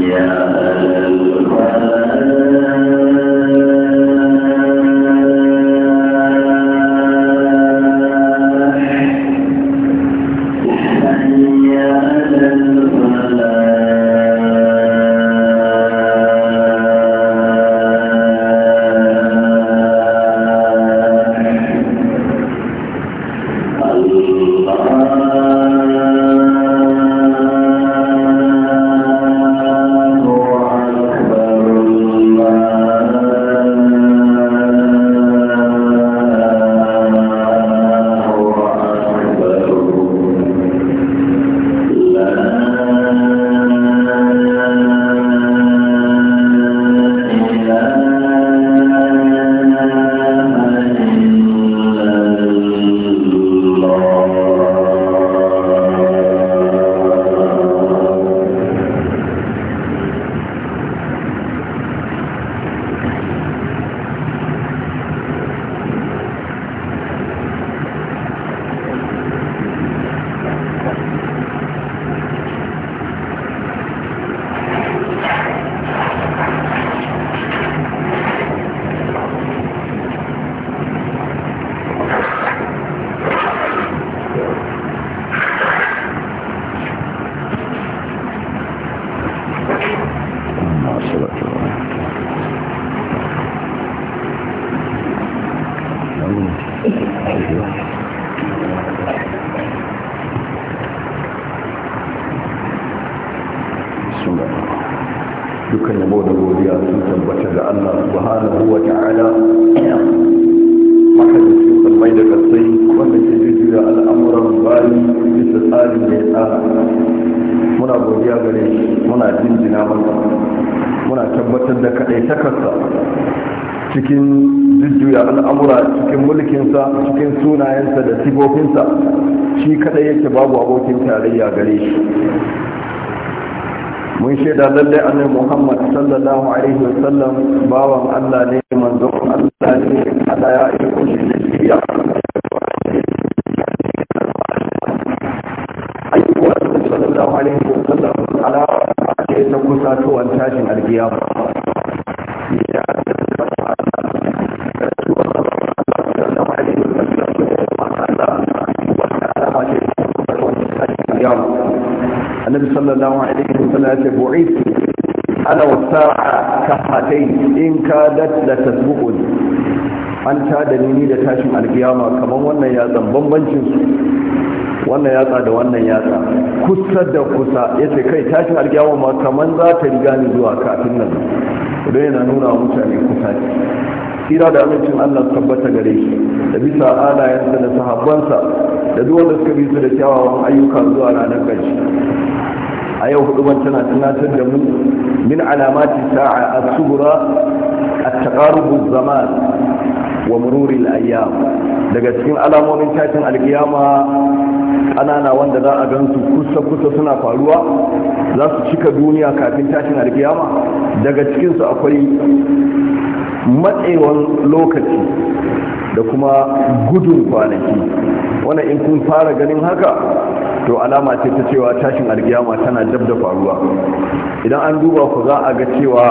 يا subhanahu wa ta'ala mahalittun kalmai da kasai wanda ke jujjuya al'amuran bayi bisa tsarin da ya tsara muna godiya gare shi muna jinjina masa muna tabbatar da kaɗai takarsa cikin jujjuya al'amura cikin mulkinsa cikin sunayensa da sifofinsa shi kaɗai yake babu abokin tarayya gare shi mun shaida lalle annabi Muhammad sallallahu alaihi wasallam bawan Allah ne manzon Allah ne Allah ya aiko shi da shiriya ayyuka sallallahu alaihi wasallam ala ake ta kusatowar tashin alkiyama annabi sallallahu alaihi Allah ya ce bu'ithu ana wasa'a kafatai in kadat da tasbuqun an ta da nini da tashin alkiyama kamar wannan yatsa bambancin su wannan yatsa da wannan yatsa kusa da kusa ya ce kai tashin alkiyama ma kamar za ta riga ni zuwa kafin nan don yana nuna wa mutane kusa ne tsira da amincin allah tabbata gare shi da bisa alayensa da sahabbansa da duwanda wanda suka bi su da kyawawan ayyuka zuwa ranar ƙarshe a yau hudu ban tana tunatar da mu min alamati sa'a a sughra at-taqarub zaman wa mururi al daga cikin alamomin tashin alkiyama ƙanana wanda za a gansu kusa kusa suna faruwa za su cika duniya kafin tashin alkiyama daga cikinsu akwai matsewan lokaci da kuma gudun kwanaki wannan in kun fara ganin haka to alama ce ta cewa tashin alkiyama tana dab da faruwa idan an duba ku za a ga cewa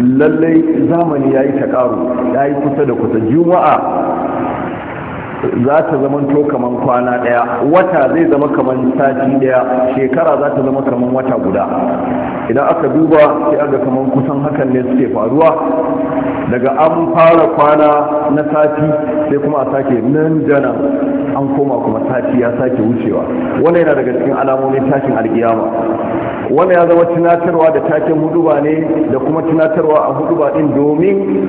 lallai zamani ya yi ta ƙaru ya yi kusa da kusa juma'a za ta zama to kaman kwana ɗaya wata zai zama kaman sati ɗaya shekara za ta zama kaman wata guda idan aka duba sai aga kaman kusan hakan ne suke faruwa daga an fara kwana na sati sai kuma a sake nan jana an koma kuma sati ya sake wucewa wanda yana daga cikin alamomin tashin alkiyama wanda ya zama tunatarwa da taken huduba ne da kuma tunatarwa a huduba din domin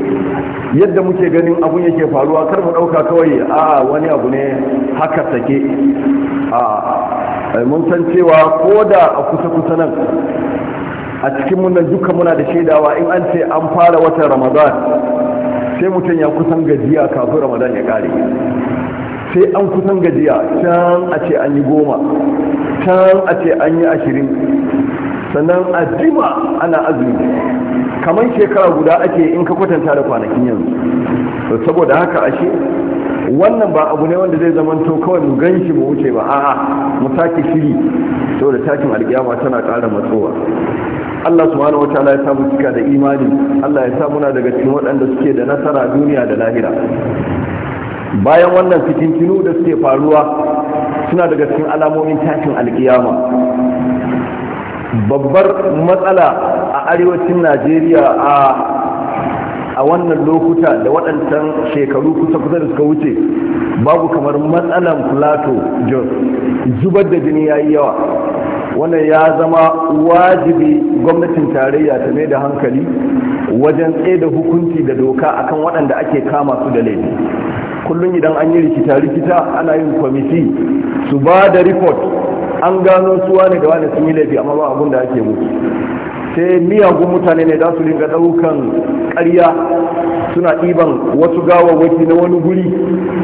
yadda muke ganin abun yake faruwa kar mu dauka kawai a wani abu ne haka sake a mun san cewa ko da a kusa kusa nan a cikin nan duka muna da shaidawa in an ce an fara watan ramadan sai mutum ya kusan gajiya kafin ramadan ya kare sai an kusan gajiya can a ce an yi goma can a ce an yi ashirin sannan a jima ana azumi kamar shekara guda ake in ka kwatanta da kwanakin yanzu saboda haka ashe wannan ba abu ne wanda zai zama kawai mu gan shi mu wuce ba a'a mu sake shiri saboda takin alkiyama tana ƙara matsowa Allah subhanahu ta'ala ya samu cika da imani Allah ya sa muna daga cikin waɗanda suke da nasara duniya da lahira bayan wannan fitintinu da suke faruwa suna daga cikin alamomin tashin alkiyama babbar matsala a arewacin najeriya a a wannan lokuta da waɗancan shekaru kusa-kusa da suka wuce babu kamar matsalan plato jos zubar da jini ya yi yawa wannan ya zama wajibi gwamnatin tarayya ta mai da hankali wajen tsaye da hukunci da doka akan waɗanda ake kama su da laifi kullum idan an yi rikita-rikita ana yin kwamiti su ba da report an gano su wane da wane sun yi laifi amma ba abin da ake musu sai miyagun mutane ne za su ringa daukan karya suna ɗiban wasu waki na wani guri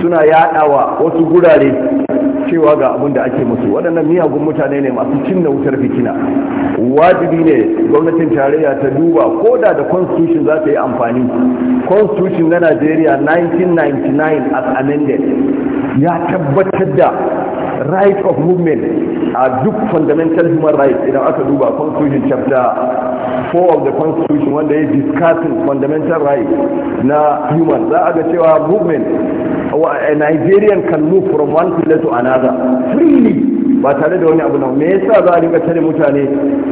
suna yaɗawa wasu gurare cewa ga abin da ake musu waɗannan miyagun mutane ne masu cinna wutar fitina wajibi ne gwamnatin tarayya ta duba ko da da constitution za ta yi amfani constitution na najeriya 1999 as amended ya tabbatar da right of movement a duk fundamental human rights idan aka duba constitution chapter 4 of the constitution wanda ya discussing fundamental rights na human za a ga cewa movement Nigerian can move from one pillar to another freely ba tare da wani abu na me yasa za a rika tare mutane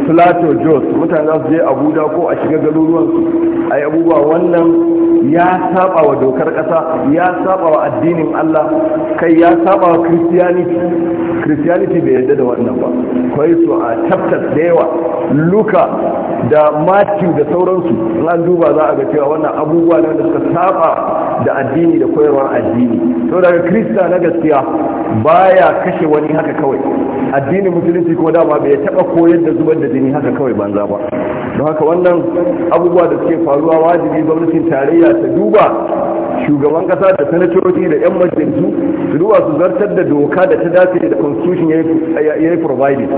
plateau jos mutane za su je abuja ko a shiga garuruwansu a yi abubuwa wannan ya saba wa dokar kasa ya saba wa addinin allah kai ya saba wa christianity christianity bai yarda da wannan ba kawai su a chapter da yawa luka da matthew da sauransu in an duba za a ga cewa wannan abubuwa ne da suka saba da addini da koyarwar addini to daga krista na gaskiya baya kashe wani haka kawai addinin musulunci ko dama bai taba koyar da zubar da jini haka kawai banza ba don haka wannan abubuwa da suke faruwa wajibi gwamnatin tarayya ta duba shugaban kasa da sanatoci da yan majalisu su duba su zartar da doka da ta dace da constitution ya yi providing.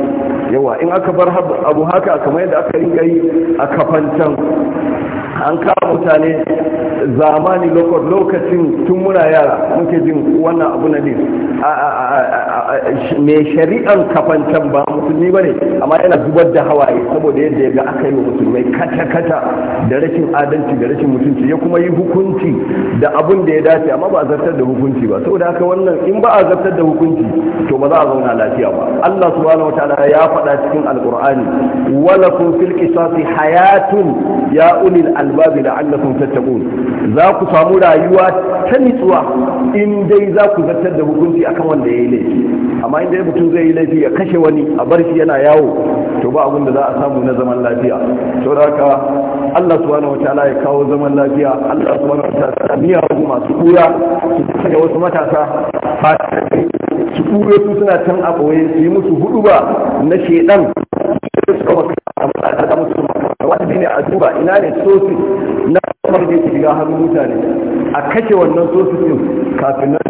yawa in aka bar abu haka kamar yadda aka rinka yi a kafantan an kama mutane zamani lokacin tun muna yara muke jin wannan abu na din mai shari'an kafancan ba musulmi ba ne amma yana zubar da hawaye saboda yadda ya ga aka yi wa musulmai kata-kata da rashin adalci da rashin mutunci ya kuma yi hukunci da abin da ya dace amma ba a zartar da hukunci ba saboda haka wannan in ba a zartar da hukunci to ba za a zauna lafiya ba Allah subhanahu ya faɗa cikin alƙur'ani wala kun fil hayatun ya ulil albab la'allakum tattaqun za ku samu rayuwa ta nitsuwa in dai za ku zartar da hukunci akan wanda ya yi laifi amma inda ya mutum zai yi laifi ya kashe wani a bar shi yana yawo to ba abin da za a samu na zaman lafiya to da haka Allah subhanahu wataala ya kawo zaman lafiya Allah subhanahu wataala miya masu kura su kashe wasu matasa su kure su suna can a ɓoye su yi musu hudu ba na shedan wani ne a duba ina ne sosai? na kamar da ke shiga hannun mutane a kashe wannan sosai din kafin nan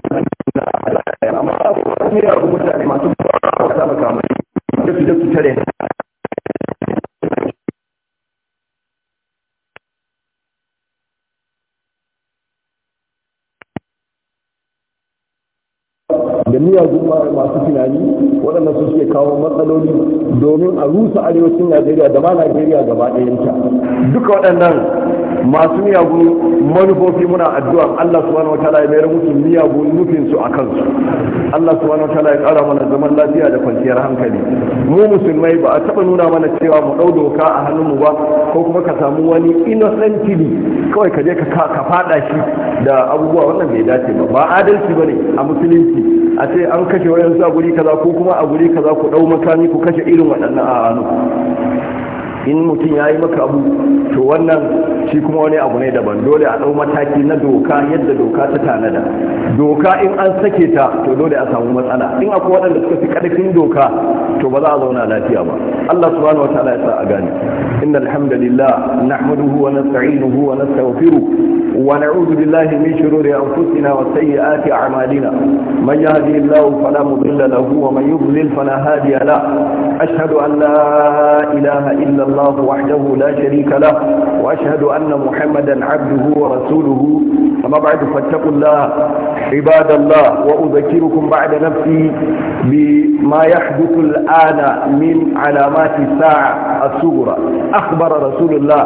masu yi mutane masu makamai da su da su tare da miyagun masu tunani waɗanda su suke kawo matsaloli domin a rusa arewacin najeriya da ma najeriya gaba ɗayanta duka waɗannan masu miyagun manufofi muna addu'a Allah subhanahu wataala ya mayar musu miyagun nufin su a su Allah subhanahu wataala ya kara mana zaman lafiya da kwanciyar hankali mu musulmai ba a taba nuna mana cewa mu ɗau doka a hannunmu ba ko kuma ka samu wani innocently kawai ka je ka ka fada shi da abubuwa wannan bai dace ba ba adalci ne a musulunci a ce an kashe su a guri kaza ko kuma a guri kaza ku dau makami ku kashe irin waɗannan a hannu in mutum ya yi maka abu to wannan shi kuma wani abu ne daban dole a dau mataki na doka yadda doka ta tanada doka in an sake ta to dole a samu matsala in akwai waɗanda suka fi ƙarfin doka to ba za a zauna lafiya ba Allah subhanahu wataala ya sa a gane innal hamdalillah nahmaduhu wa nasta'inuhu wa nastaghfiruh ونعوذ بالله من شرور أنفسنا وسيئات أعمالنا من يهدي الله فلا مضل له ومن يضلل فلا هادي له أشهد أن لا إله إلا الله وحده لا شريك له وأشهد أن محمدا عبده ورسوله أما بعد فاتقوا الله عباد الله وأذكركم بعد نفسي بما يحدث الآن من علامات الساعة الصغرى أخبر رسول الله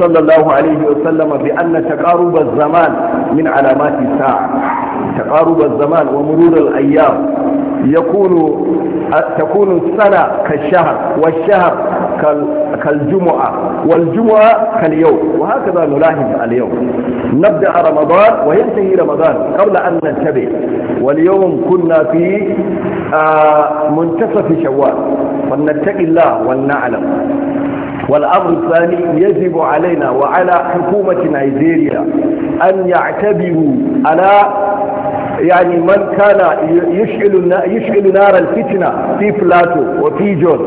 صلى الله عليه وسلم بأن تقارب الزمان من علامات الساعة تقارب الزمان ومرور الأيام يكون تكون السنة كالشهر والشهر كالجمعة والجمعة كاليوم وهكذا نلاحظ اليوم نبدأ رمضان وينتهي رمضان قبل أن ننتبه واليوم كنا في آه، منتصف شوال فلنتقي الله ولنعلم والأمر الثاني يجب علينا وعلى حكومة نيجيريا أن يعتبروا على يعني من كان يشعل يشعل نار الفتنة في بلاتو وفي جون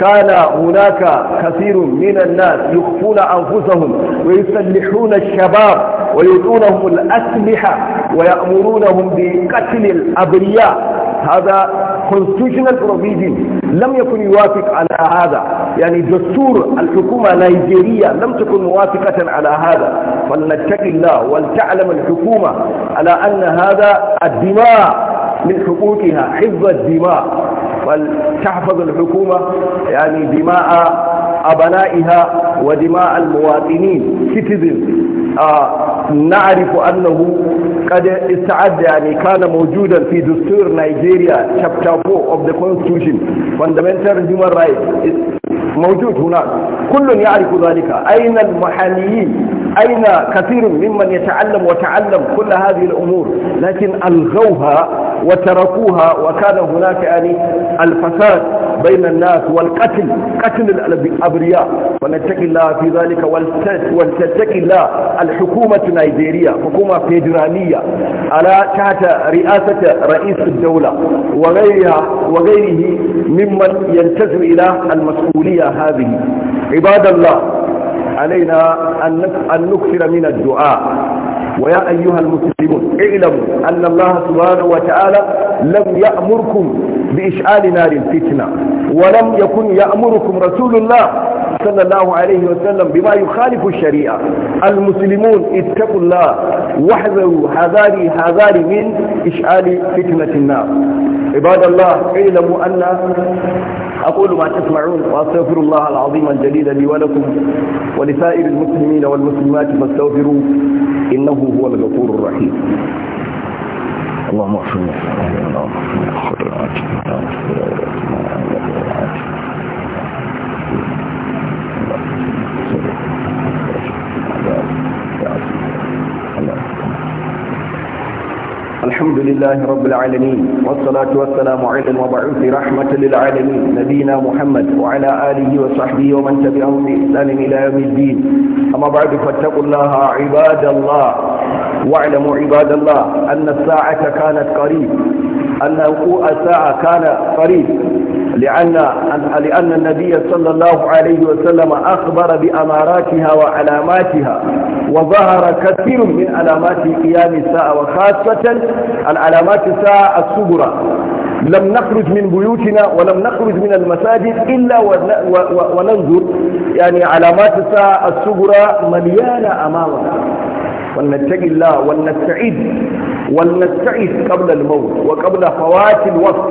كان هناك كثير من الناس يخفون أنفسهم ويسلحون الشباب ويدونهم الأسلحة ويأمرونهم بقتل الأبرياء هذا constitutional provision لم يكن يوافق على هذا يعني دستور الحكومة نيجيرية لم تكن موافقة على هذا فلنتق الله ولتعلم الحكومة على أن هذا الدماء من حقوقها حفظ الدماء بل تحفظ الحكومة يعني دماء أبنائها ودماء المواطنين citizens آه نعرف أنه قد استعد يعني كان موجودا في دستور نيجيريا chapter 4 of the constitution fundamental human rights موجود هناك كل يعرف ذلك أين المحليين أين كثير ممن يتعلم وتعلم كل هذه الأمور لكن ألغوها وتركوها وكان هناك يعني الفساد بين الناس والقتل قتل الأبرياء ونتقي الله في ذلك ولتتقي الله الحكومة النيجيرية حكومة فيدرالية على تحت رئاسة رئيس الدولة وغيرها وغيره ممن ينتزل إلى المسؤولية هذه عباد الله علينا أن نكثر من الدعاء ويا أيها المسلمون اعلموا أن الله سبحانه وتعالى لم يأمركم بإشعال نار الفتنة ولم يكن يأمركم رسول الله صلى الله عليه وسلم بما يخالف الشريعة المسلمون اتقوا الله واحذروا حذاري حذاري من إشعال فتنة النار عباد الله اعلموا أن أقول ما تسمعون وأستغفر الله العظيم الجليل لي ولكم ولسائر المسلمين والمسلمات فاستغفروا إنه هو الغفور الرحيم اللهم اغفر لنا الحمد لله رب العالمين والصلاة والسلام على المبعوث رحمة للعالمين نبينا محمد وعلى آله وصحبه ومن تبعهم بإحسان إلى يوم الدين أما بعد فاتقوا الله عباد الله واعلموا عباد الله أن الساعة كانت قريب أن وقوع الساعة كان قريب لأن, لأن النبي صلى الله عليه وسلم أخبر بأماراتها وعلاماتها وظهر كثير من علامات قيام الساعة وخاصة العلامات الساعة الصغرى لم نخرج من بيوتنا ولم نخرج من المساجد إلا وننظر يعني علامات الساعة الصغرى مليانة أمامنا ولنتقي الله ولنستعيد ولنستعيد قبل الموت وقبل فوات الوقت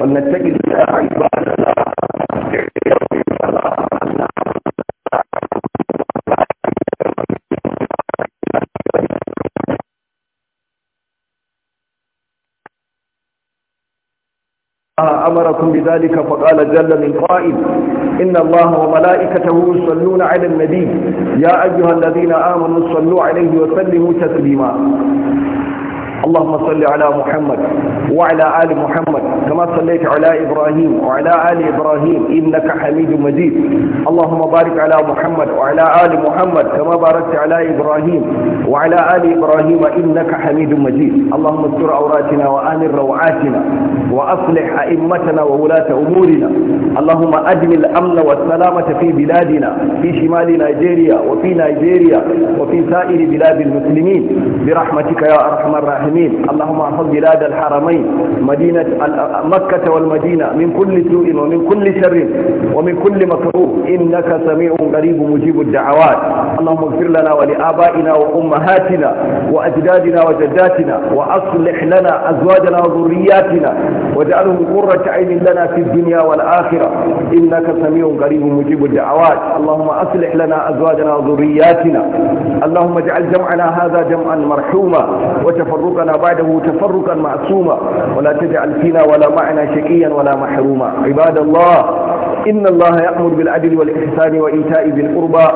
ولنتقي الله عباد الله أمركم بذلك فقال جل من قائل إن الله وملائكته يصلون على النبي يا أيها الذين آمنوا صلوا عليه وسلموا تسليما اللهم صل على محمد وعلى آل محمد كما صليت على إبراهيم وعلى آل إبراهيم إنك حميد مجيد اللهم بارك على محمد وعلى آل محمد كما باركت على إبراهيم وعلى آل إبراهيم إنك حميد مجيد اللهم استر عوراتنا وآمن روعاتنا وأصلح أئمتنا وولاة أمورنا اللهم أدم الأمن والسلامة في بلادنا في شمال نيجيريا وفي نيجيريا وفي سائر بلاد المسلمين برحمتك يا أرحم الراحمين اللهم احفظ بلاد الحرمين مدينة مكة والمدينة من كل سوء ومن كل شر ومن كل مكروه إنك سميع قريب مجيب الدعوات اللهم اغفر لنا ولآبائنا وأمهاتنا وأجدادنا وجداتنا وأصلح لنا أزواجنا وذرياتنا واجعلهم قرة عين لنا في الدنيا والآخرة إنك سميع قريب مجيب الدعوات اللهم أصلح لنا أزواجنا وذرياتنا اللهم اجعل جمعنا هذا جمعا مرحوما وتفرقنا بعده تفرقا معصوما ولا تجعل فينا ولا معنا شقيا ولا محروما عباد الله إن الله يأمر بالعدل والإحسان وإيتاء ذي القربى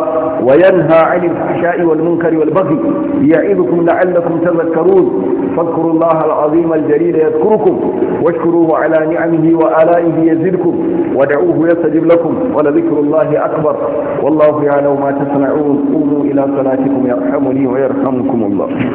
وينهى عن الفحشاء والمنكر والبغي يعظكم لعلكم تذكرون فاذكروا الله العظيم الجليل يذكركم واشكروه على نعمه وآلائه يزدكم ودعوه يستجب لكم ولذكر الله أكبر والله يعلم ما تصنعون قوموا إلى صلاتكم يرحمني ويرحمكم الله